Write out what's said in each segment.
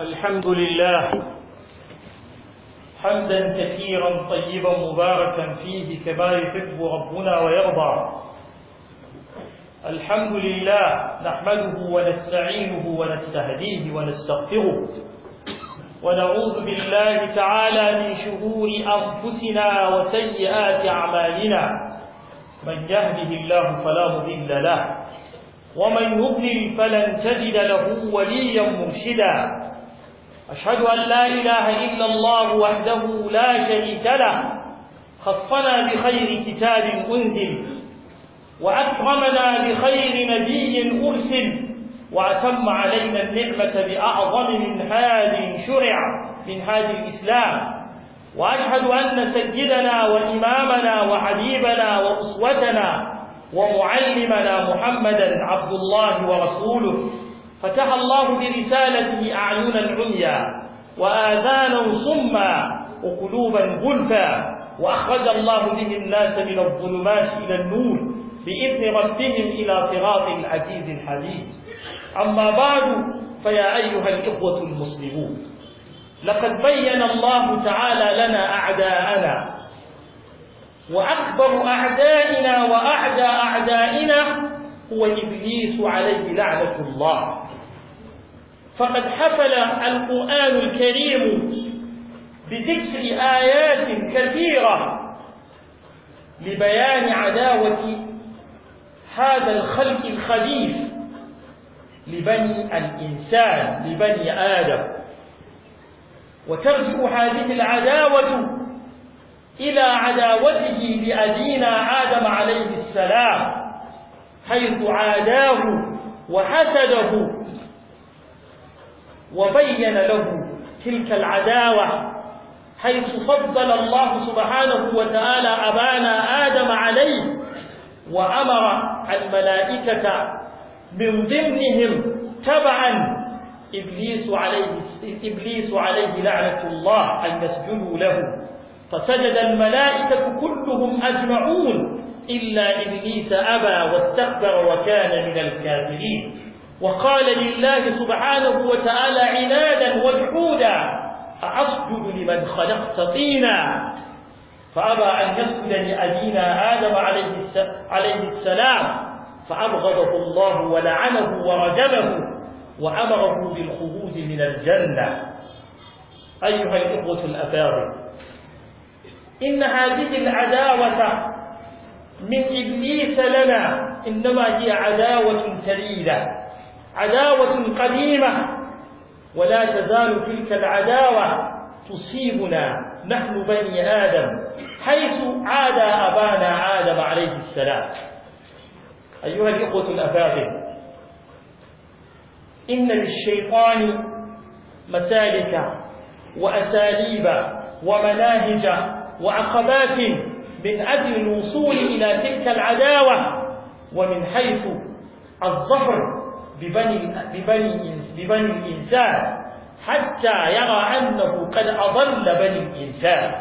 الحمد لله حمدا كثيرا طيبا مباركا فيه كما يحب ربنا ويرضى الحمد لله نحمده ونستعينه ونستهديه ونستغفره ونعوذ بالله تعالى من شرور أنفسنا وسيئات أعمالنا من يهده الله فلا مضل له ومن يضلل فلن تجد له وليا مرشدا أشهد أن لا إله إلا الله وحده لا شريك له خصنا بخير كتاب أنزل وأكرمنا بخير نبي أرسل وأتم علينا النعمة بأعظم هذا شرع منهاج الإسلام وأشهد أن سيدنا وإمامنا وحبيبنا وأسوتنا ومعلمنا محمدا عبد الله ورسوله فتح الله برسالته أعينا عميا وآذانا صما وقلوبا غلفا وأخرج الله به الناس من الظلمات إلى النور بإذن ربهم إلى صراط العزيز الحميد أما بعد فيا أيها الإخوة المسلمون لقد بين الله تعالى لنا أعداءنا وأكبر أعدائنا وأعدى أعدائنا هو إبليس عليه لعنة الله فقد حفل القرآن الكريم بذكر آيات كثيرة لبيان عداوة هذا الخلق الخبيث لبني الإنسان لبني آدم وترجع هذه العداوة إلى عداوته لأبينا آدم عليه السلام حيث عاداه وحسده وبين له تلك العداوة حيث فضل الله سبحانه وتعالى أبانا آدم عليه وأمر الملائكة من ضمنهم تبعا إبليس عليه, إبليس عليه لعنة الله أن يسجدوا له فسجد الملائكة كلهم أجمعون إلا إبليس أبى واستكبر وكان من الكافرين وقال لله سبحانه وتعالى عنادا وجحودا أأسجد لمن خلقت طينا فأبى أن يسجد لأبينا آدم عليه السلام فأبغضه الله ولعنه ورجمه وأمره بالخروج من الجنة أيها الإخوة الأفاضل إن هذه العداوة من إبليس لنا إنما هي عداوة ثريدة عداوة قديمة ولا تزال تلك العداوة تصيبنا نحن بني آدم حيث عاد أبانا آدم عليه السلام أيها الإخوة الأفاضل إن للشيطان مسالك وأساليب ومناهج وعقبات من أجل الوصول إلى تلك العداوة ومن حيث الظفر ببني, ببني, ببني الإنسان حتى يرى أنه قد أضل بني الإنسان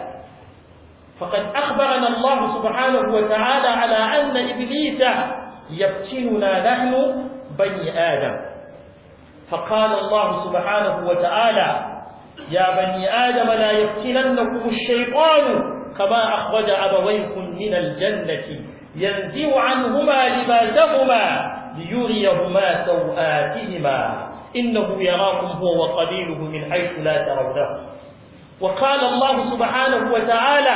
فقد أخبرنا الله سبحانه وتعالى على أن إبليس يفتننا نحن بني آدم فقال الله سبحانه وتعالى يا بني آدم لا يفتننكم الشيطان كما أخرج أبويكم من الجنة ينزع عنهما لباسهما ليريهما سوآتهما إنه يراكم هو وقبيله من حيث لا ترونه وقال الله سبحانه وتعالى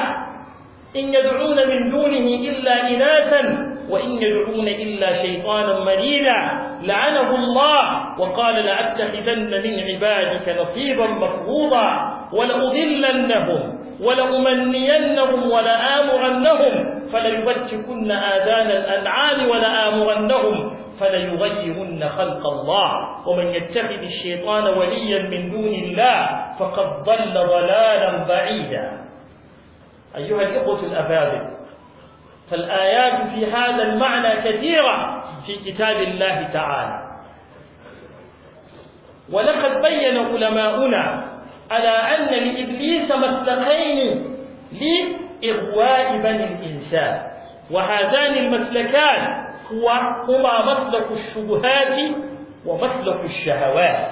إن يدعون من دونه إلا إناثا وإن يدعون إلا شيطانا مريدا لعنه الله وقال لأتخذن من عبادك نصيبا مفروضا ولأضلنهم ولأمنينهم ولآمرنهم فليبتكن آذان الأنعام ولآمرنهم فليغيرن خلق الله ومن يتخذ الشيطان وليا من دون الله فقد ضل ضلالا بعيدا أيها الإخوة الأبابل فالآيات في هذا المعنى كثيرة في كتاب الله تعالى ولقد بين علماؤنا على أن لإبليس مسلكين لإغواء بني الإنسان وهذان المسلكان هو هما مسلك الشبهات ومسلك الشهوات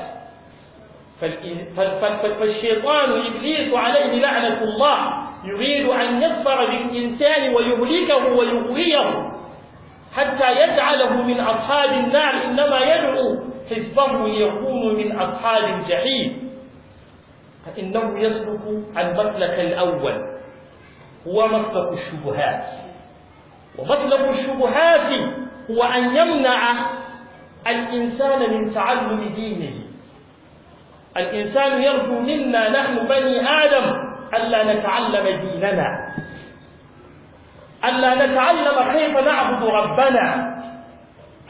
فالشيطان إبليس عليه لعنة الله يريد أن يصبر بالإنسان ويهلكه ويغويه حتى يجعله من أصحاب النار إنما يدعو حزبه ليكون من أصحاب الجحيم فإنه يسلك المسلك الأول هو مسلك الشبهات ومسلك الشبهات هو أن يمنع الإنسان من تعلم دينه الإنسان يرجو منا نحن بني آدم ألا نتعلم ديننا ألا نتعلم كيف نعبد ربنا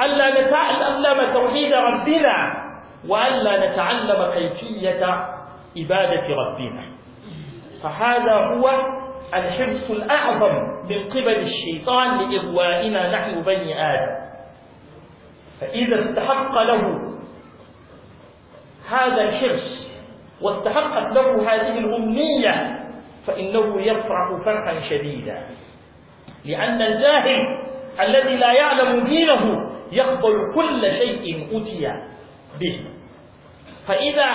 ألا نتعلم توحيد ربنا وألا نتعلم كيفية عبادة ربنا فهذا هو الحرص الأعظم من قبل الشيطان لإغوائنا نحن بني آدم فإذا استحق له هذا الحرص واستحقت له هذه الأمنية فإنه يفرح فرحا شديدا لأن الجاهل الذي لا يعلم دينه يقبل كل شيء أتي به فإذا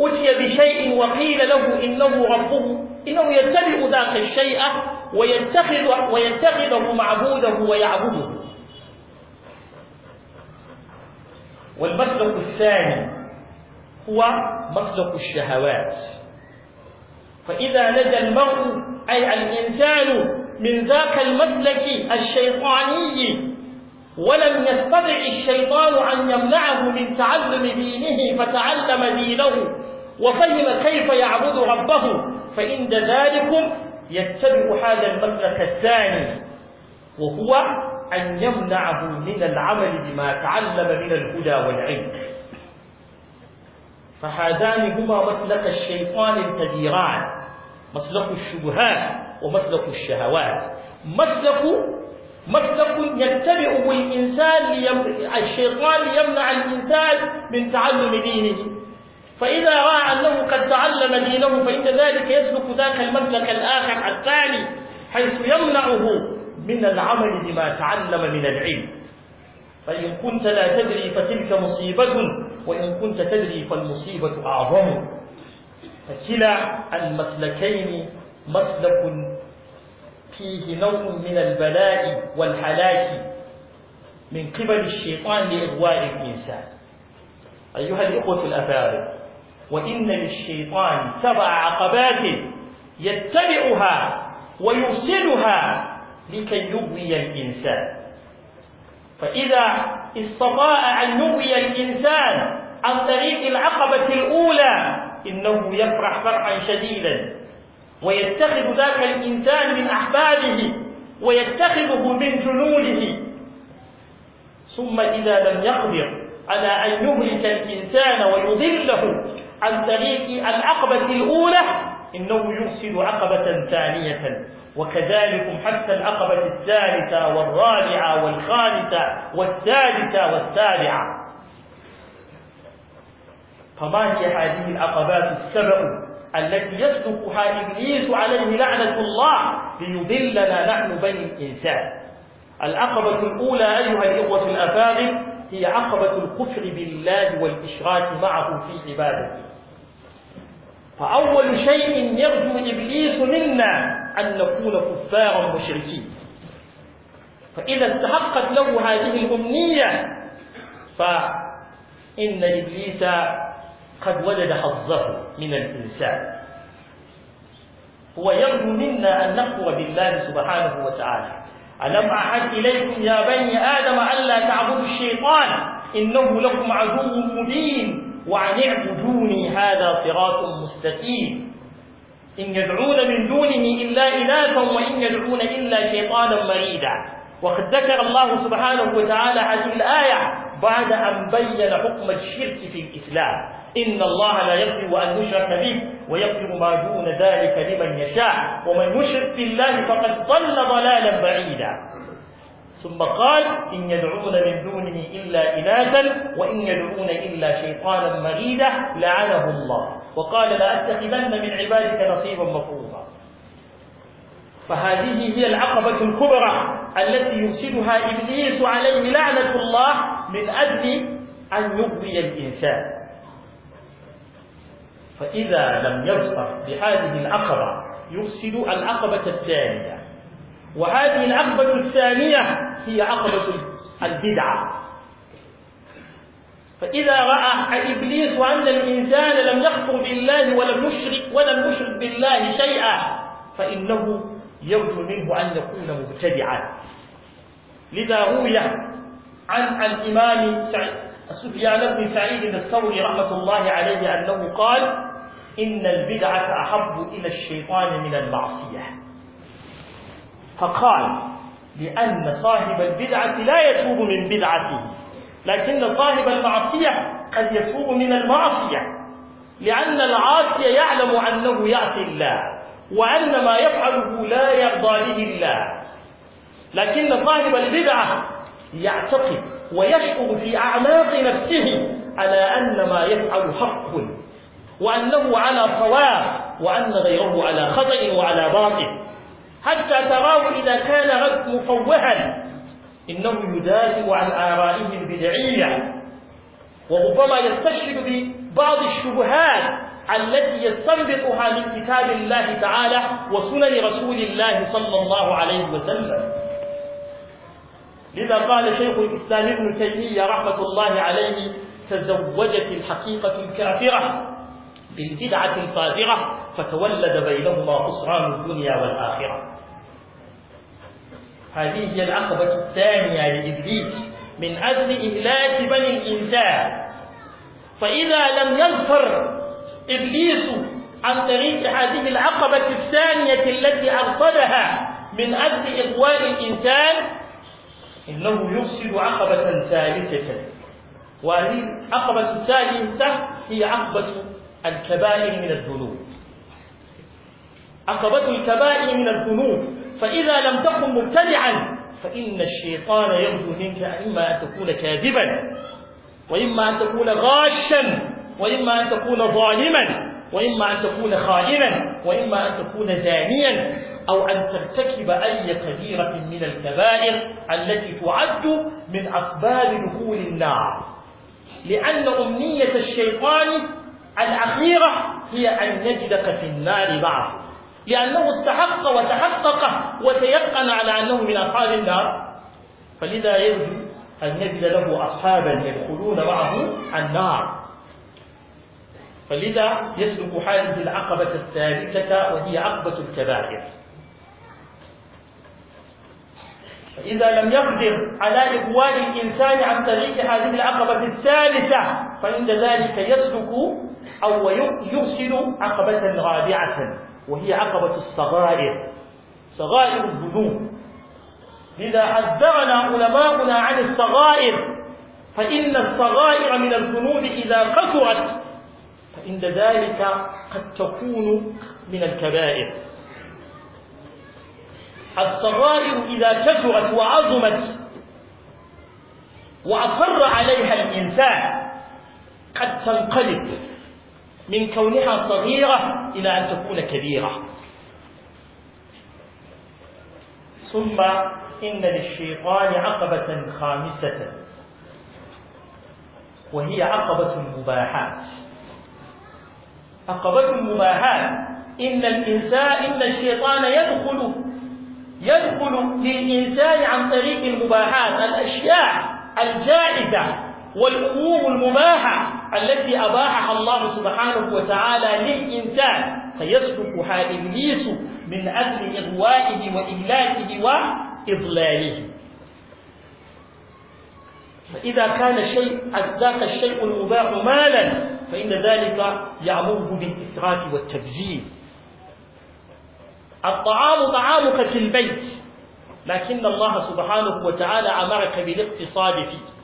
أتي بشيء وقيل له إنه ربه إنه يتبع ذاك الشيء ويتخذ ويتخذه معبوده ويعبده والمسلك الثاني هو مسلك الشهوات فإذا لدى المرء أي الإنسان من ذاك المسلك الشيطاني ولم يستطع الشيطان أن يمنعه من تعلم دينه فتعلم دينه وفهم كيف يعبد ربه فعند ذلكم يتبع هذا المسلك الثاني وهو أن يمنعه من العمل بما تعلم من الهدى والعلم فهذان هما مسلك الشيطان الكبيران مسلك الشبهات ومسلك الشهوات مسلك مسلك يتبعه الإنسان الشيطان ليمنع الإنسان من تعلم دينه فإذا رأى أنه قد تعلم دينه فإن ذلك يسلك ذاك المسلك الآخر الثاني حيث يمنعه من العمل بما تعلم من العلم فإن كنت لا تدري فتلك مصيبة وإن كنت تدري فالمصيبة أعظم فكلا المسلكين مسلك فيه نوع من البلاء والهلاك من قبل الشيطان لإغواء الإنسان أيها الإخوة الأفاضل وإن للشيطان سبع عقبات يتبعها ويرسلها لكي يغوي الإنسان فإذا استطاع أن يغوي الإنسان عن طريق العقبة الأولى إنه يفرح فرحا شديدا ويتخذ ذاك الإنسان من أحبابه ويتخذه من جنونه ثم إذا لم يقدر على أن يهلك الإنسان ويذله عن طريق العقبة الأولى إنه يرسل عقبة ثانية وكذلكم حتى العقبة الثالثة والرابعة والخامسة والثالثة والسابعة فما هي هذه العقبات السبع التي يسلكها إبليس عليه لعنة الله ليضلنا نحن بني الإنسان العقبة الأولى أيها الإخوة الأفاضل هي عقبة الكفر بالله والإشراك معه في عبادته فأول شيء يرجو إبليس منا أن نكون كفارا مشركين فإذا استحقت له هذه الأمنية فإن إبليس قد وجد حظه من الإنسان هو يرجو منا أن نكفر بالله سبحانه وتعالى ألم أعهد إليكم يا بني آدم ألا تعبدوا الشيطان إنه لكم عدو مبين وعن اعبدوني هذا صراط مستقيم إن يدعون من دونه إلا إناثا وإن يدعون إلا شيطانا مريدا وقد ذكر الله سبحانه وتعالى هذه الآية بعد أن بين حكم الشرك في الإسلام إن الله لا يغفر أن يشرك به ويغفر ما دون ذلك لمن يشاء ومن يشرك بالله فقد ضل ضلالا بعيدا ثم قال إن يدعون من دونه إلا إناثا وإن يدعون إلا شيطانا مريدا لعنه الله وقال لأتخذن من عبادك نصيبا مفروضا فهذه هي العقبة الكبرى التي يرسلها إبليس عليه لعنة الله من أجل أن يغوي الإنسان فإذا لم يصطف بهذه العقبة يرسل العقبة الثانية وهذه العقبة الثانية هي عقبة البدعة فإذا رأى إبليس أن الإنسان لم يكفر بالله ولم يشرك ولم يشرك بالله شيئا فإنه يرجو منه أن يكون مبتدعا لذا روي عن الإمام سفيان بن سعيد الثوري رحمة الله عليه أنه قال إن البدعة أحب إلى الشيطان من المعصية فقال لأن صاحب البدعة لا يتوب من بدعته لكن صاحب المعصية قد يتوب من المعصية لأن العاصي يعلم أنه يعصي الله وأن ما يفعله لا يرضى به الله لكن صاحب البدعة يعتقد ويشعر في أعماق نفسه على أن ما يفعل حق وأنه على صواب وأن غيره على خطأ وعلى باطل حتى تراه إذا كان غد مفوها إنه يدافع عن آرائه البدعية وربما يستشهد ببعض الشبهات التي يستنبطها من كتاب الله تعالى وسنن رسول الله صلى الله عليه وسلم لذا قال شيخ الإسلام ابن تيمية رحمة الله عليه تزوجت الحقيقة الكافرة بالبدعة الفاجرة فتولد بينهما خسران الدنيا والآخرة هذه هي العقبة الثانية لإبليس من أجل إهلاك بني الإنسان فإذا لم يظفر إبليس عن طريق هذه العقبة الثانية التي أرصدها من أجل إغواء الإنسان إنه يفسد عقبة ثالثة وهذه العقبة الثالثة هي عقبة الكبائر من الذنوب عقبة الكبائر من الذنوب فإذا لم تكن مبتدعا فإن الشيطان يغدو منك إما أن تكون كاذبا وإما أن تكون غاشا وإما أن تكون ظالما وإما أن تكون خائنا وإما أن تكون زانيا أو أن ترتكب أي كبيرة من الكبائر التي تعد من أسباب دخول النار لأن أمنية الشيطان الأخيرة هي أن نجدك في النار معه لأنه استحق وتحقق وتيقن على أنه من أصحاب النار فلذا يرجو أن نجد له أصحابا يدخلون معه النار فلذا يسلك حاله العقبة الثالثة وهي عقبة الكبائر فإذا لم يقدر على إغواء الإنسان عن طريق هذه العقبة الثالثة فعند ذلك يسلك أو يرسل عقبة رابعة وهي عقبة الصغائر صغائر الذنوب لذا حذرنا علماؤنا عن الصغائر فإن الصغائر من الذنوب إذا كثرت فإن ذلك قد تكون من الكبائر الصغائر إذا كثرت وعظمت وأصر عليها الإنسان قد تنقلب من كونها صغيرة إلى أن تكون كبيرة ثم إن للشيطان عقبة خامسة وهي عقبة المباحات عقبة المباحات إن الإنسان إن الشيطان يدخل يدخل للإنسان عن طريق المباحات الأشياء الجائزة والأمور المباحة التي أباحها الله سبحانه وتعالى للإنسان فيسلكها إبليس من أجل إغوائه وإهلاكه وإضلاله فإذا كان شيء ذاك الشيء المباح مالا فإن ذلك يعمره بالإسراف والتبذير الطعام طعامك في البيت لكن الله سبحانه وتعالى أمرك بالاقتصاد فيه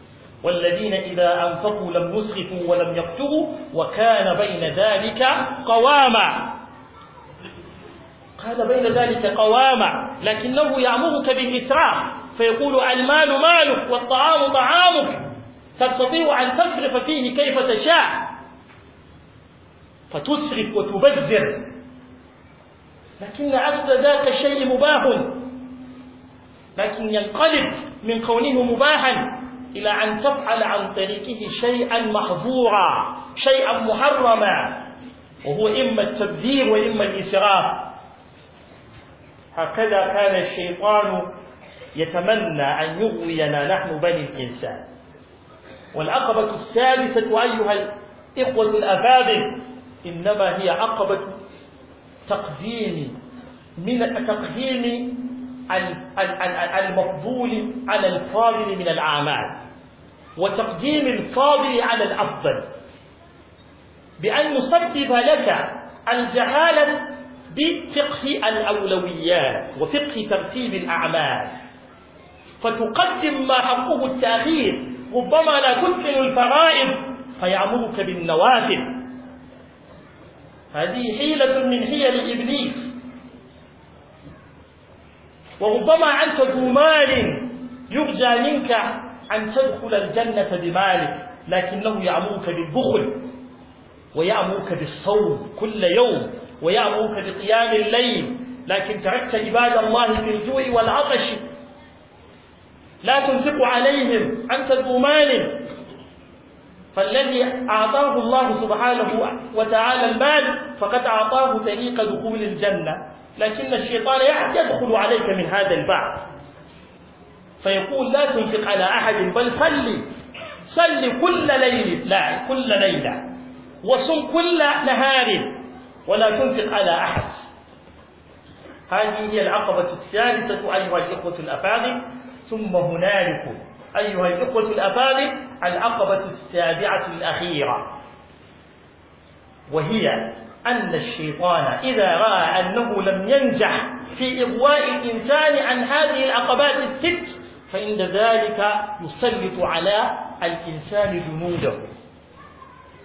والذين إذا أنفقوا لم يسرفوا ولم يقتروا وكان بين ذلك قواما قال بين ذلك قواما لكنه يأمرك بالإسراف فيقول المال مالك والطعام طعامك تستطيع أن تسرف فيه كيف تشاء فتسرف وتبذر لكن أصل ذاك الشيء مباح لكن ينقلب من كونه مباحا إلى أن تفعل عن طريقه شيئا محظورا شيئا محرما وهو إما التبذير وإما الإسراف هكذا كان الشيطان يتمنى أن يغوينا نحن بني الإنسان والعقبة الثالثة أيها الإخوة الأفاضل إنما هي عقبة تقديم من تقديم المفضول على الفاضل من الأعمال وتقديم الفاضل على الأفضل بأن نصدف لك الجهالة بفقه الأولويات وفقه ترتيب الأعمال فتقدم ما حقه التأخير ربما لا تتقن الفرائض فيعمرك بالنوافل هذه حيلة من حيل إبليس وربما أنت ذو مال يرجى منك أن تدخل الجنة بمالك لكنه يأمرك بالبخل ويأمرك بالصوم كل يوم ويأمرك بقيام الليل لكن تركت عباد الله في الجوع والعطش لا تنفق عليهم أنت ذو مال فالذي أعطاه الله سبحانه وتعالى المال فقد أعطاه طريق دخول الجنة لكن الشيطان يدخل عليك من هذا البعض فيقول لا تنفق على أحد بل صلي صل كل ليل لا كل ليلة وصم كل نهار ولا تنفق على أحد هذه هي العقبة الثالثة أيها الإخوة الأفاضل ثم هنالك أيها الإخوة الأفاضل العقبة السابعة الأخيرة وهي أن الشيطان إذا رأى أنه لم ينجح في إغواء الإنسان عن هذه العقبات الست فإن ذلك يسلط على الإنسان جنوده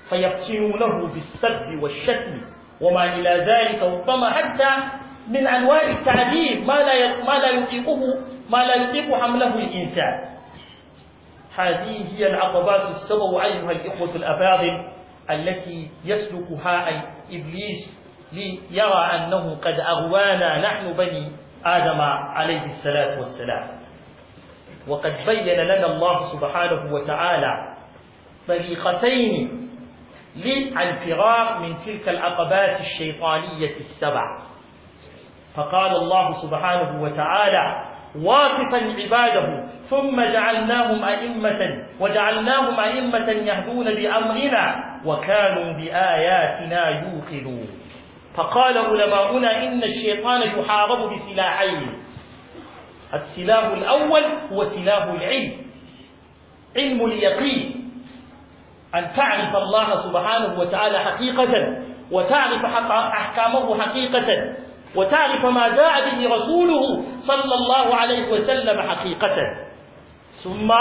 فيقتنوا له بالسب والشتم وما إلى ذلك ربما حتى من أنواع التعذيب ما لا ما لا يطيقه ما لا يطيق حمله الإنسان هذه هي العقبات السبع أيها الإخوة الأفاضل التي يسلكها إبليس ليرى أنه قد أغوانا نحن بني آدم عليه الصلاة والسلام وقد بين لنا الله سبحانه وتعالى طريقتين للفرار من تلك العقبات الشيطانية السبع فقال الله سبحانه وتعالى واقفا عباده ثم جعلناهم أئمة وجعلناهم أئمة يهدون بأمرنا وكانوا بآياتنا يوقنون فقال علماؤنا إن الشيطان يحارب بسلاحين السلاح الأول هو سلاح العلم علم اليقين أن تعرف الله سبحانه وتعالى حقيقة وتعرف أحكامه حقيقة وتعرف ما جاء به رسوله صلى الله عليه وسلم حقيقة ثم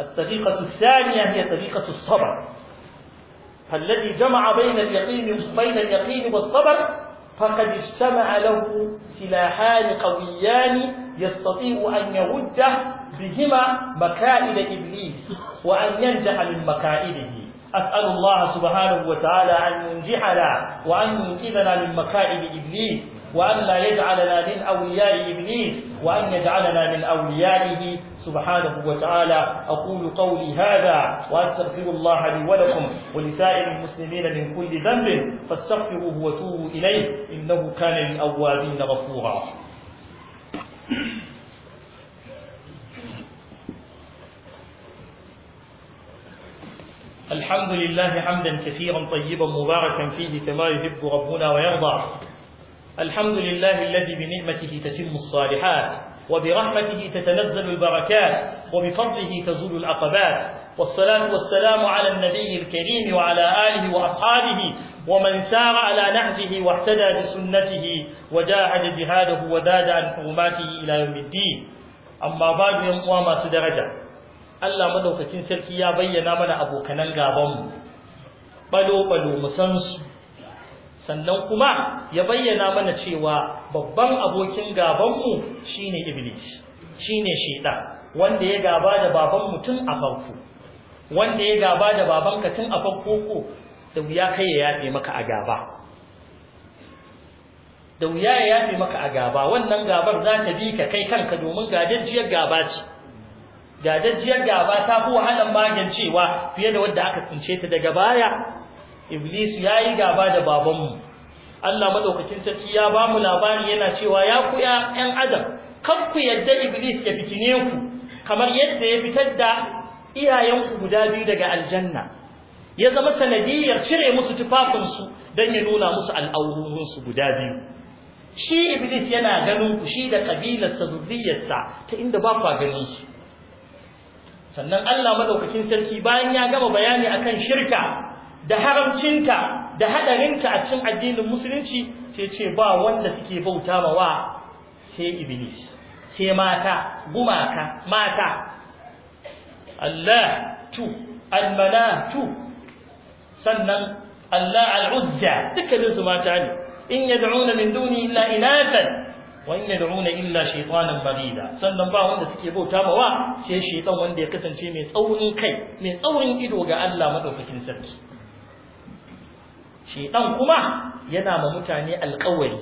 الطريقة الثانية هي طريقة الصبر فالذي جمع بين اليقين بين اليقين والصبر فقد اجتمع له سلاحان قويان يستطيع أن يرد بهما مكائد إبليس وأن ينجح من مكائده أسأل الله سبحانه وتعالى أن ينجحنا وأن ينقذنا من مكائد إبليس وأن لا يجعلنا من أولياء إبليس وأن يجعلنا من أوليائه سبحانه وتعالى أقول قولي هذا وأستغفر الله لي ولكم ولسائر المسلمين من كل ذنب فاستغفروه وتوبوا إليه إنه كان للأوابين غفورا الحمد لله حمدا كثيرا طيبا مباركا فيه كما يحب ربنا ويرضى الحمد لله الذي بنعمته تتم الصالحات وبرحمته تتنزل البركات وبفضله تزول العقبات والصلاة والسلام على النبي الكريم وعلى آله وأصحابه ومن سار على نهجه واحتدى بسنته وجاهد جهاده وداد عن حرماته إلى يوم الدين أما بعد وما سدرجه ألا madaukakin sarki يا بينا من أبو gabanmu balo بلو بلو san sannan kuma ya bayyana mana cewa babban abokin gabanmu shine iblis shine shaitan wanda ya gaba da baban mutum a farko wanda ya gaba da babanka tun a farko ko da wuya kai ya yafe maka a gaba da wuya ya yafe maka a gaba wannan gabar za ta bi ka kai kanka domin gajajjiyar gaba ce gajajjiyar gaba ta fi wahalan magancewa fiye da wadda aka tsince ta daga baya iblis ya yi gaba da babanmu Allah madaukakin sarki ya ba mu labari yana cewa ya ku ya ƴan adam kan ku yadda iblis ya fitine ku kamar yadda ya fitar da iyayenku guda biyu daga aljanna ya zama sanadiyar cire musu tufafinsu don ya nuna musu al'aurorinsu guda biyu shi iblis yana ganin ku shi da ƙabilarsa zurriyarsa ta inda ba kwa ganin su sannan Allah madaukakin sarki bayan ya gama bayani akan shirka da haramcinta da hadarinta a cikin addinin musulunci sai ce ba wanda suke bauta ma wa sai iblis sai mata gumaka mata Allah tu tu sannan Allah al'uzza dukkanin su mata ne in yad'una min duni illa inatan wa in yad'una illa shaytanan barida sannan ba wanda suke bauta ma wa sai shaytan wanda ya kasance mai tsaurin kai mai tsaurin ido ga Allah madaukakin sarki shedan kuma yana ma mutane alƙawari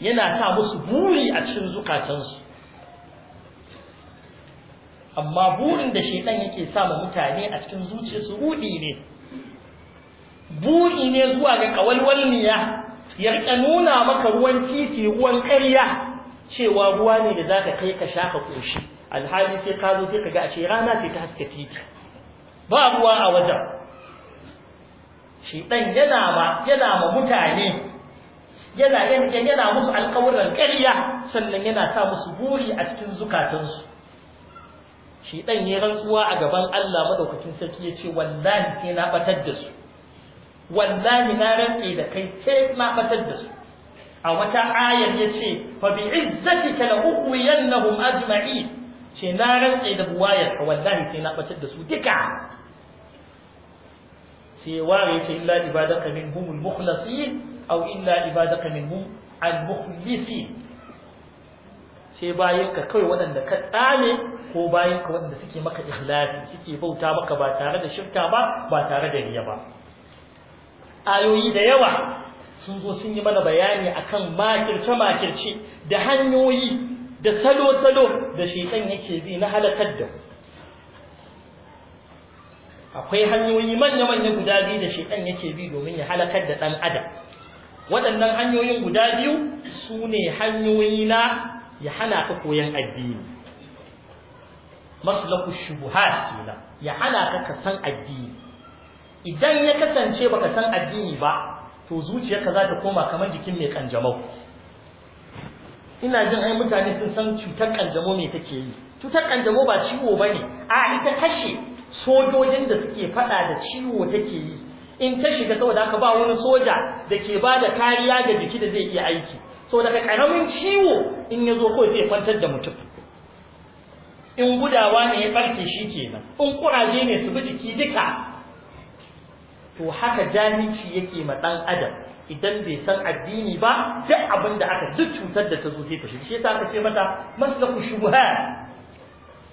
yana sa musu buri a cikin zukatansu amma burin da shedan yake sa ma mutane a cikin zuciyarsu rudi ne buri ne zuwa ga ƙawalwalmiya, ya rika nuna maka ruwan titi ruwan ƙarya cewa ruwa ne da za ka kai ka shaka koshi alhali sai ka zo sai ka ga a ce rana sai ta haska titi ba ruwa a wajen Shiɗan yana ma yana ma mutane yana yana musu alƙawuran ƙarya sannan yana sa musu buri a cikin zukatansu Shiɗan dan ya rantsuwa a gaban Allah madaukakin sarki ya ce wallahi sai na batar da su wallahi na rantse da kai sai na batar da su a wata ayar ya ce fa bi izzatika la uwiyannahum ajma'in ce na rantse da buwayar wallahi sai na batar da su duka sai ware ce illa ibadaka minhum al-mukhlasin aw illa ibadaka minhum al-mukhlisin sai bayan ka kawai waɗanda ka tsame ko bayan ka waɗanda suke maka ikhlasi suke bauta maka ba tare da shirka ba ba tare da riya ba ayoyi da yawa sun zo sun yi mana bayani akan makirce makirce da hanyoyi da salo salo da shaitan yake bi na halakar da ku akwai hanyoyi manya-manya guda biyu da shaitan yake bi domin ya halakar da ɗan adam waɗannan hanyoyin guda biyu su ne hanyoyi na ya hana ka koyan addini maslaku shubuhat kenan ya hana ka ka san addini idan ya kasance baka san addini ba to zuciyarka za ta koma kamar jikin mai kanjamau ina jin ai mutane sun san cutar kanjamo me take yi cutar kanjamo ba ciwo bane a ita kashe sojojin da suke fada da ciwo take yi in ta shiga saboda haka ba wani soja da ke ba da kariya ga jiki da zai iya aiki so daga karamin ciwo in ya zo kawai sai kwantar da mutum in gudawa ne ya barke shi kenan in kuraje ne su bi jiki duka to haka jamici yake ma dan adam idan bai san addini ba duk abin da aka duk cutar da ta zo sai ta shi shi ta ce mata ku maslaku ba.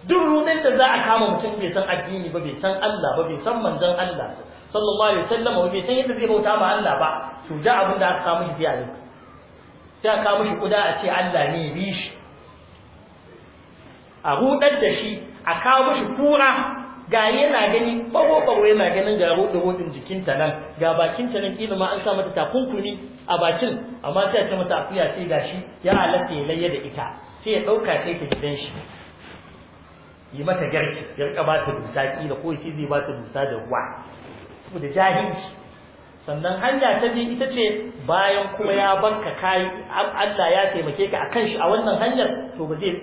duk ruɗin da za a kama mutum bai san addini ba bai san Allah ba bai san manzon Allah sallallahu alaihi wasallam ba bai san yadda zai bauta ma Allah ba to da abin da aka kama shi zai sai a kama shi kuda a ce Allah ne bi shi a rudar da shi a kawo shi kura ga yana gani bago bago yana ganin ga rodo rodin jikinta nan ga bakinta nan kila ma an sa mata takunkumi a bakin amma sai ta mata akuya sai gashi ya halatta ya layya da ita sai ya dauka sai ta gidan shi yi mata garki ya rika ba ta dusa kila ko shi zai ba ta dusa da ruwa saboda jahilci sannan hanya ta bi ita ce bayan kuma ya banka kai Allah ya taimake ka akan shi a wannan hanyar to ba zai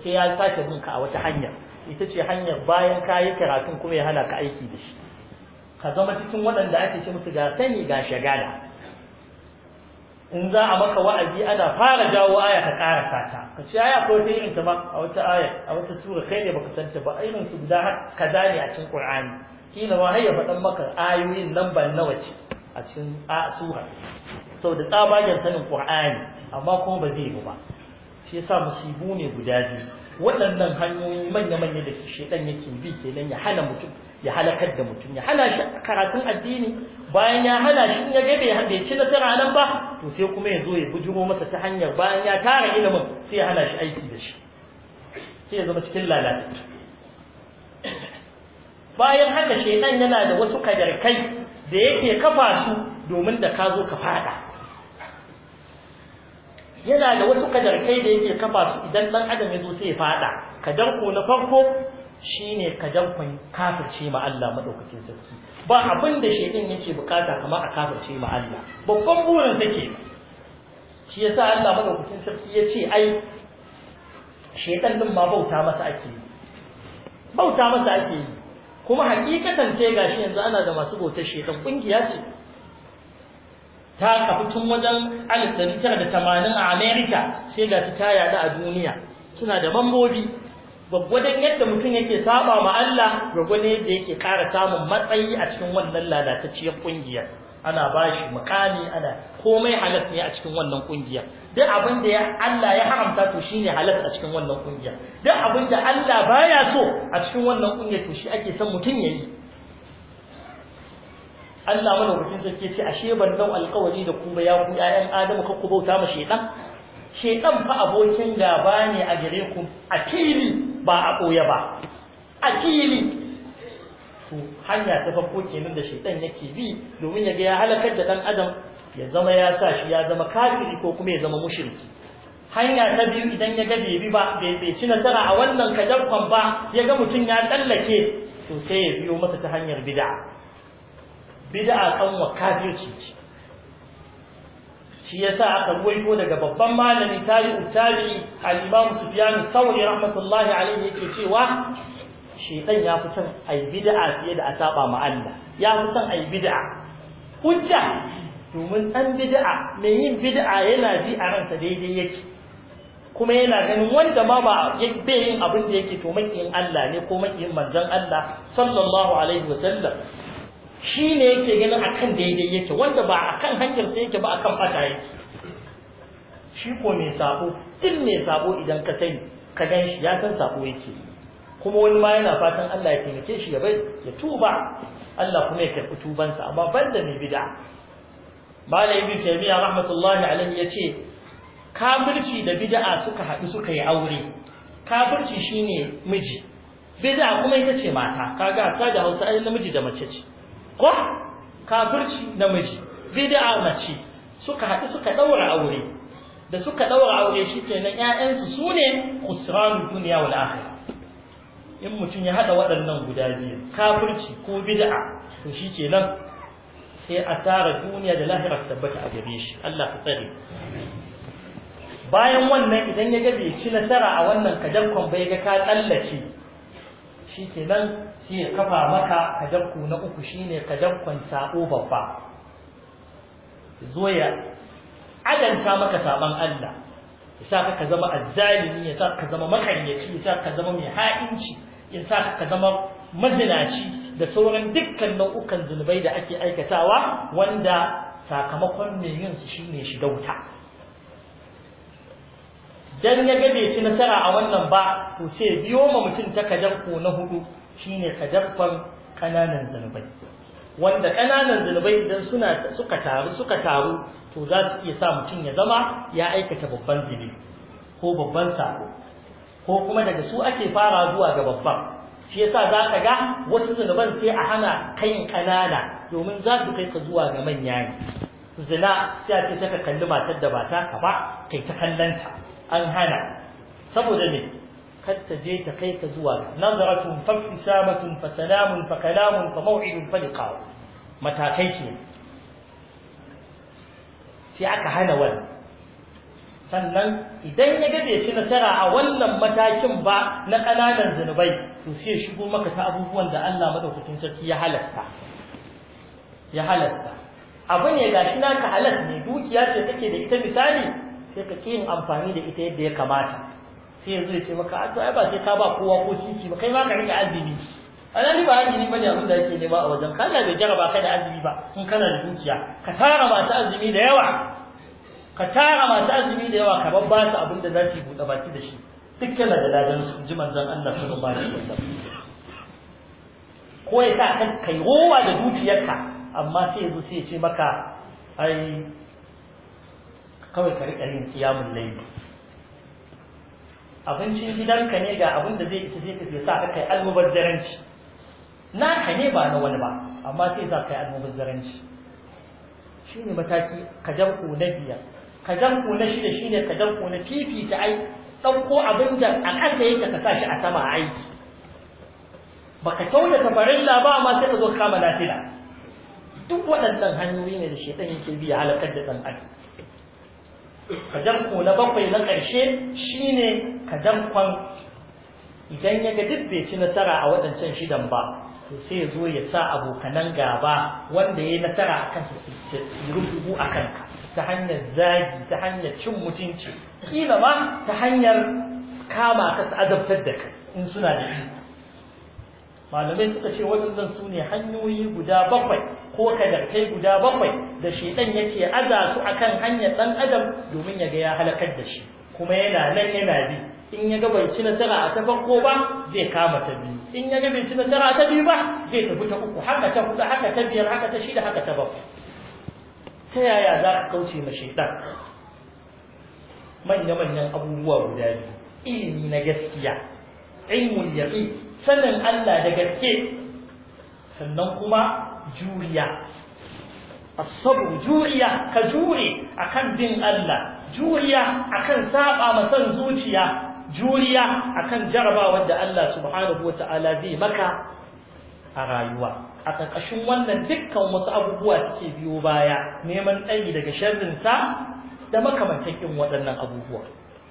sai ya sake bin a wata hanyar ita ce hanyar bayan ka yi karatun kuma ya hana ka aiki da shi ka zama cikin waɗanda ake ce musu ga sani ga shagala in za a maka wa'azi ana fara jawo aya ka ƙara sata ka ce aya ko ta irin ta a wata aya a wata sura kai ne baka santa ba irin su guda kaza ne a cikin Qur'ani kila ma har ya faɗan maka ayoyin lambar nawa ce a cikin a sura sau da tsabagen sanin Qur'ani amma kuma ba zai yi ba shi yasa musibu ne guda biyu waɗannan hanyoyi manya-manya da ɗan yake bi kenan ya hana mutum ya halakar da mutum ya hana shi karatun addini bayan ya hana shi ya gabe ya bai ci nasara nan ba to sai kuma ya zo ya bujuro masa ta hanyar bayan ya tara ilimin sai ya hana shi aiki da shi sai ya zama cikin lalata bayan haka shaitan yana da wasu kadarkai da yake kafa su domin da ka zo ka fada yana da wasu kadarkai da yake kafa su idan dan adam ya zo sai ya fada kadarku na farko shine kadarkun kafirce ma Allah madaukakin sarki ba abin da shedin yake bukata kamar a kafirce ma Allah babban burin take shi yasa Allah madaukakin sarki ya ce ai shedan din ma bauta masa ake bauta masa ake kuma hakikatan sai gashi yanzu ana da masu bautar shedan kungiya ce ta kafu tun wajen 1980 a Amerika sai ga ta yada a duniya suna da mambobi gwaggwadon yadda mutum yake saba ma Allah gwaggwane yadda yake kara samun matsayi a cikin wannan lalatacciyar ƙungiyar ana ba shi mukami ana komai halas ne a cikin wannan ƙungiyar duk abin da ya Allah ya haramta to shine halas a cikin wannan ƙungiyar duk abin da Allah baya so a cikin wannan ƙungiyar to shi ake son mutum ya yi Allah madaukakin sarki ce ashe ban dau alƙawari da ku ba ya ku 'ya'yan Adamu ka ku bauta ma shedan Shedan fa abokin gaba ne a gare ku a ba a koya ba a fili to hanya ta farko kenan da shedan yake bi domin ya ga ya halakar da dan adam ya zama ya sa shi ya zama kafiri ko kuma ya zama mushriki hanya ta biyu idan ya ga bebi ba bai ci nasara a wannan kadafan ba ya ga mutum ya tsallake to sai ya biyo masa ta hanyar bid'a bid'a kan wa kafirci ce shi yasa aka ruwaito daga babban malami tari tabi'i al-imam sufyan thawri rahmatullahi alayhi yake cewa shaytan ya fi son ai bid'a fiye da a saba ma Allah ya fi son ai bid'a hujja domin dan bid'a mai yin bid'a yana ji a ransa daidai yake kuma yana ganin wanda ma ba bai yin abin da yake to makiyin Allah ne ko makiyin manzon Allah sallallahu alaihi wasallam shi ne yake ganin kan daidai yake wanda ba akan hanyar sa yake ba akan fata yake shi ko mai sabo tun mai sabo idan ka sani ka gan shi ya san sabo yake kuma wani ma yana fatan Allah ya taimake shi ya bai ya tuba Allah kuma ya karɓi tubansa amma banda mai bid'a malai Ibn taymiya rahmatullahi alaihi yace kafirci da bid'a suka haɗu suka yi aure kafirci shine miji bid'a kuma ita ce mata kaga ta da Hausa ai namiji da mace ce ko kafirci namiji bid'a mace suka haɗu suka ɗaura aure da suka ɗaura aure shikenan ƴaƴan su sune khusranu duniya wal akhirah in mutum ya haɗa waɗannan guda biyu kafirci ko bid'a to shikenan sai a tara duniya da lahira tabbata a gare shi Allah ka tsare bayan wannan idan ya ga bai ci nasara a wannan kadakon bai ga ka tsallace shi nan shi ya kafa maka kadakku na uku shine kadakkun sa'o babba zo ya adanta maka saban Allah ya sa ka zama azzalimi ya sa ka zama makaryaci ya sa ka zama mai ha'inci ya sa ka zama mazinaci da sauran dukkan nau'ukan zunubai da ake aikatawa wanda sakamakon mai yin su shine shi dauta dan ya ga bai nasara a wannan ba to sai biyo ma mutum ta ko na hudu shine kadabban kananan zanubai wanda kananan zanubai idan suna suka taru suka taru to za su iya sa mutum ya zama ya aikata babban zibi ko babban sako ko kuma daga su ake fara zuwa ga babban shi yasa za ka ga wasu zunuban sai a hana kayin kanana domin za su kai ka zuwa ga manya ne zina sai a ce saka kalli matar da ba ta ka ba kai ta kallanta an hana saboda ne kar ta je ta kai ka zuwa nazaratun fa fisamatun fa salamun fa kalamun fa matakai ke sai aka hana wani. sannan idan ya ga ci nasara a wannan matakin ba na ƙananan zunubai to sai shigo maka ta abubuwan da Allah madaukakin sarki ya halasta ya halasta Abin ya gashi naka halas ne dukiya ce kake da ita misali sai ka ƙi yin amfani da ita yadda ya kamata sai yanzu ya ce maka a ba sai ka ba kowa ko cici ba kai ma ka rike azumi alhali ba azumi ba ne abin da ake nema a wajen kana bai jaraba ka da azumi ba in kana da dukiya ka tara masu azumi da yawa ka tara masu azumi da yawa ka babba su abin da za su buɗe baki da shi duk yana da ladan su ji manzon Allah ba alaihi wasallam ko ya sa kai rowa da dukiyarka amma sai yanzu sai ya ce maka ai kawai ka riƙa yin kiyamun laili abincin gidanka ne ga abin da zai isa sai ka sa ka kai almubazzaranci naka ne ba na wani ba amma sai sa kai almubazzaranci ne mataki kajanku na biyar kajanku na shida shine kajanku na fifita ai ɗauko abin da aƙalla yake ka sa shi a sama a aiki baka kyautata farilla ba amma sai ka zo kama lafiya duk waɗannan hanyoyi ne da shaitan yake biya halakar da ɗan adam ka na bakwai na ƙarshe shine ka damkon idan ya ga duk bai ci nasara a waɗancan shidan ba to sai ya zo ya sa abokanan gaba wanda ya yi nasara a kansa su rubugu a kanka ta hanyar zagi ta hanyar cin mutunci kila ma ta hanyar kama ka su azabtar da kai in suna da malamai suka ce waɗannan su ne hanyoyi guda bakwai ko kadarkai guda bakwai da shaidan yake aza su akan hanyar ɗan adam domin ya ga ya halakar da shi kuma yana nan yana bi in ya ga bai ci nasara a ta farko ba zai kama ta biyu in ya ga bai ci nasara a ta biyu ba zai tafi ta uku haka ta huɗu haka ta biyar haka ta shida haka ta bakwai ta yaya za ka kauce ma shaidan manya-manyan abubuwa guda biyu ilimi na gaskiya ilmul yaqin sanin Allah da gaske sannan kuma juriya asabu juriya ka jure akan bin Allah juriya akan saba son zuciya juriya akan jarabawar wanda Allah subhanahu wata'ala zai maka a rayuwa a ƙarƙashin wannan dukkan wasu abubuwa suke biyo baya neman tsayi daga sa da makamantakin waɗannan abubuwa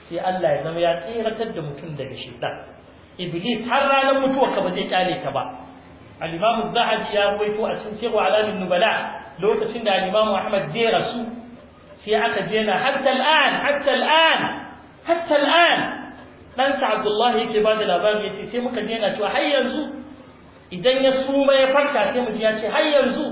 sai Allah ya zama ya tseratar da mutum daga shaitan iblis har ranar mutuwa ka ba zai kyale ka ba al-imam zahabi ya waito a cikin sirru alamin nubala lokacin da al-imam ahmad zai rasu sai aka je na hatta al-an hatta al-an hatta al-an dan sa abdullah yake ba da labari yace sai muka je na cewa har yanzu idan ya suma ya farka sai mu ji ya ce har yanzu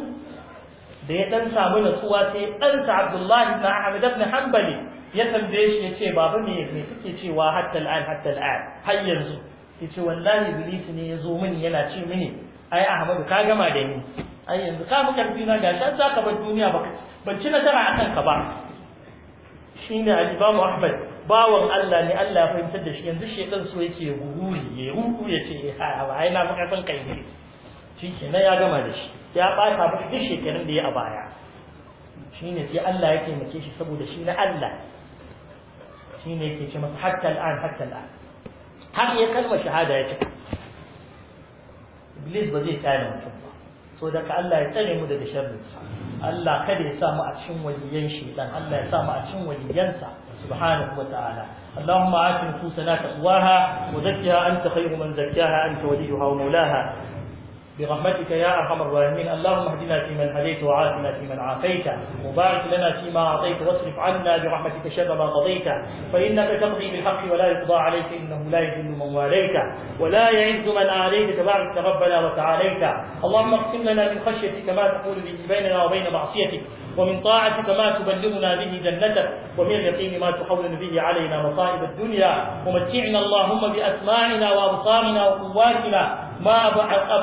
da ya dan samu nutsuwa sai dan sa abdullah ibn ahmad ibn hanbali ya tambaye shi ya ce baba me me kake cewa hatta al-an hatta al-an har yanzu yace wallahi iblis ne ya zo mini yana ce mini ai ahmadu ka gama da ni ai yanzu ka fi karfi na gashi an zaka bar duniya ba ban ci nasara akan ka ba shine al-imamu ahmad bawan Allah ne Allah ya fahimtar da shi yanzu shedan so yake gururi ya ruku ya ce ha ba ai na fi karfin kai ne shikenan ya gama da shi ya bata masa duk shekarun da ya a baya shine sai Allah ya taimake shi saboda shi na Allah shine yake ce masa hatta al'an hatta al'an har ya kalma shahada ya cika iblis ba zai tsaya mutum ba so daga Allah ya tsare mu daga sharrinsa Allah kada ya sa mu a cikin waliyan shaitan Allah ya sa mu a cikin waliyansa subhanahu wataala اللهم آت نفوسنا تقواها وزكها أنت خير من زكاها أنت وليها ومولاها برحمتك يا أرحم الراحمين اللهم اهدنا فيمن هديت وعافنا فيمن عافيت وبارك لنا فيما أعطيت واصرف عنا برحمتك شر ما قضيت فإنك تقضي بالحق ولا يقضى عليك إنه لا يذل من واليت ولا يعز من عليك تبارك ربنا وتعاليت اللهم اقسم لنا من خشيتك ما تقول به بيننا وبين معصيتك ومن طاعتك ما تبلغنا به جنتك ومن اليقين ما تحول به علينا مصائب الدنيا ومتعنا اللهم بأسماعنا وأبصارنا وقواتنا ما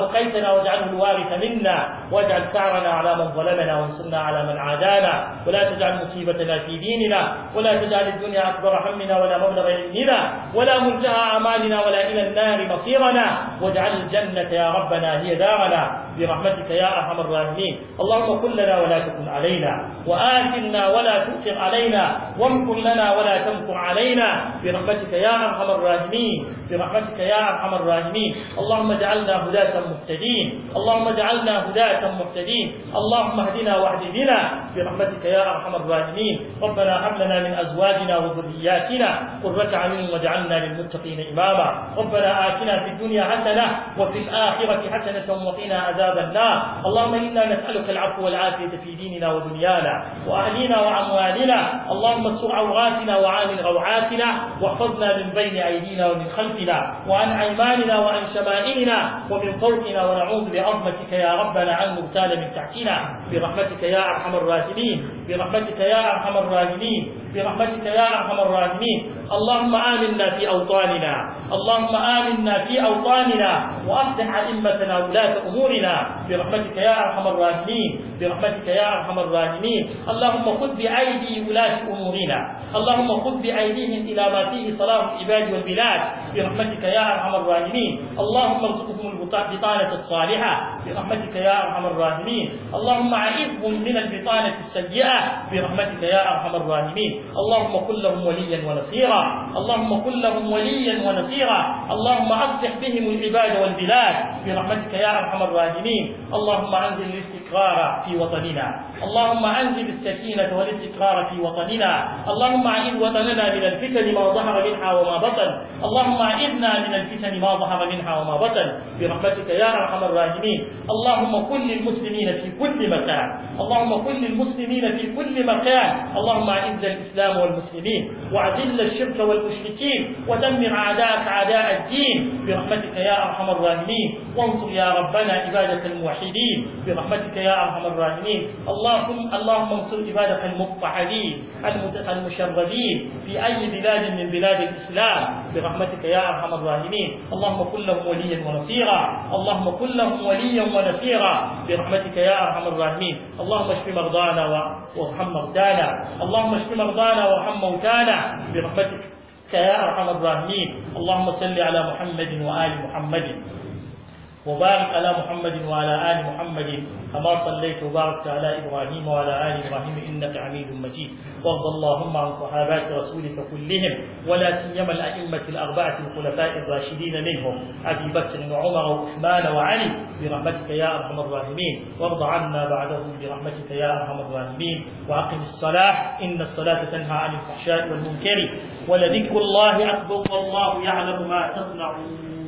أبقيتنا واجعله الوارث منا واجعل ثارنا على من ظلمنا وانصرنا على من عادانا ولا تجعل مصيبتنا في ديننا ولا تجعل الدنيا أكبر همنا ولا مبلغ علمنا ولا منتهى أمالنا ولا إلى النار مصيرنا واجعل الجنة يا ربنا هي دارنا برحمتك يا أرحم الراحمين اللهم كن لنا ولا تكن علينا واثنا ولا تؤثر علينا وامكر لنا ولا تمكر علينا برحمتك يا أرحم الراحمين برحمتك يا أرحم الراحمين اللهم اجعلنا هداة مهتدين اللهم اجعلنا هداة المهتدين اللهم اهدنا واهد بنا برحمتك يا أرحم الراحمين ربنا هب لنا من أزواجنا وذرياتنا قرة اعين واجعلنا للمتقين إماما ربنا آتنا في الدنيا حسنة وفي الآخرة حسنة وقنا عذاب النار اللهم إنا نسألك العفو والعافية في ديننا ودنيانا وأهلينا وأموالنا اللهم استر عوراتنا وعامل روعاتنا واحفظنا من بين أيدينا ومن خلفنا وعن أيماننا وعن شمائلنا ومن فوقنا ونعوذ بعظمتك يا ربنا عنه ابتال من تحتنا برحمتك يا أرحم الراحمين برحمتك يا أرحم الراحمين برحمتك يا أرحم الراحمين اللهم آمنا في أوطاننا اللهم آمنا في أوطاننا وأصلح أئمتنا ولاة أمورنا برحمتك يا أرحم الراحمين برحمتك يا أرحم الراحمين اللهم خذ بأيدي ولاة أمورنا اللهم خذ بأيديهم إلى ما فيه صلاح العباد والبلاد برحمتك يا أرحم الراحمين اللهم ارزقهم البطانة الصالحة برحمتك يا أرحم الراحمين اللهم أعذهم من البطانة السيئة الله برحمتك يا ارحم الراحمين اللهم كن لهم وليا ونصيرا اللهم كن لهم وليا ونصيرا اللهم اصلح بهم العباد والبلاد برحمتك يا ارحم الراحمين اللهم انزل رزقك والاستقرار في وطننا اللهم أنزل السكينة والاستقرار في وطننا اللهم أعذ وطننا من الفتن ما ظهر منها وما بطن اللهم أعذنا من الفتن ما ظهر منها وما بطن برحمتك يا أرحم الراحمين اللهم كن للمسلمين في كل مكان اللهم كن للمسلمين في كل مكان اللهم أعز الإسلام والمسلمين وأذل الشرك والمشركين ودمر أعداءك أعداء الدين برحمتك يا أرحم الراحمين وانصر يا ربنا عبادة الموحدين برحمتك يا ارحم الراحمين اللهم اللهم انصر عبادك المضطهدين المشردين في اي بلاد من بلاد الاسلام برحمتك يا ارحم الراحمين اللهم كن لهم وليا ونصيرا اللهم كن لهم وليا ونصيرا برحمتك يا ارحم الراحمين اللهم اشف مرضانا وارحم موتانا اللهم اشف مرضانا وارحم موتانا برحمتك يا ارحم الراحمين اللهم صل على محمد وال محمد وبارك على محمد وعلى آل محمد كما صليت وباركت على إبراهيم وعلى آل إبراهيم إنك عميد مجيد وارض اللهم عن صحابات رسولك كلهم ولا سيما الأئمة الأربعة الخلفاء الراشدين منهم أبي بكر وعمر وعثمان وعلي برحمتك يا أرحم الراحمين وارض عنا بعدهم برحمتك يا أرحم الراحمين وأقم الصلاة إن الصلاة تنهى عن الفحشاء والمنكر ولذكر الله أكبر والله يعلم ما تصنعون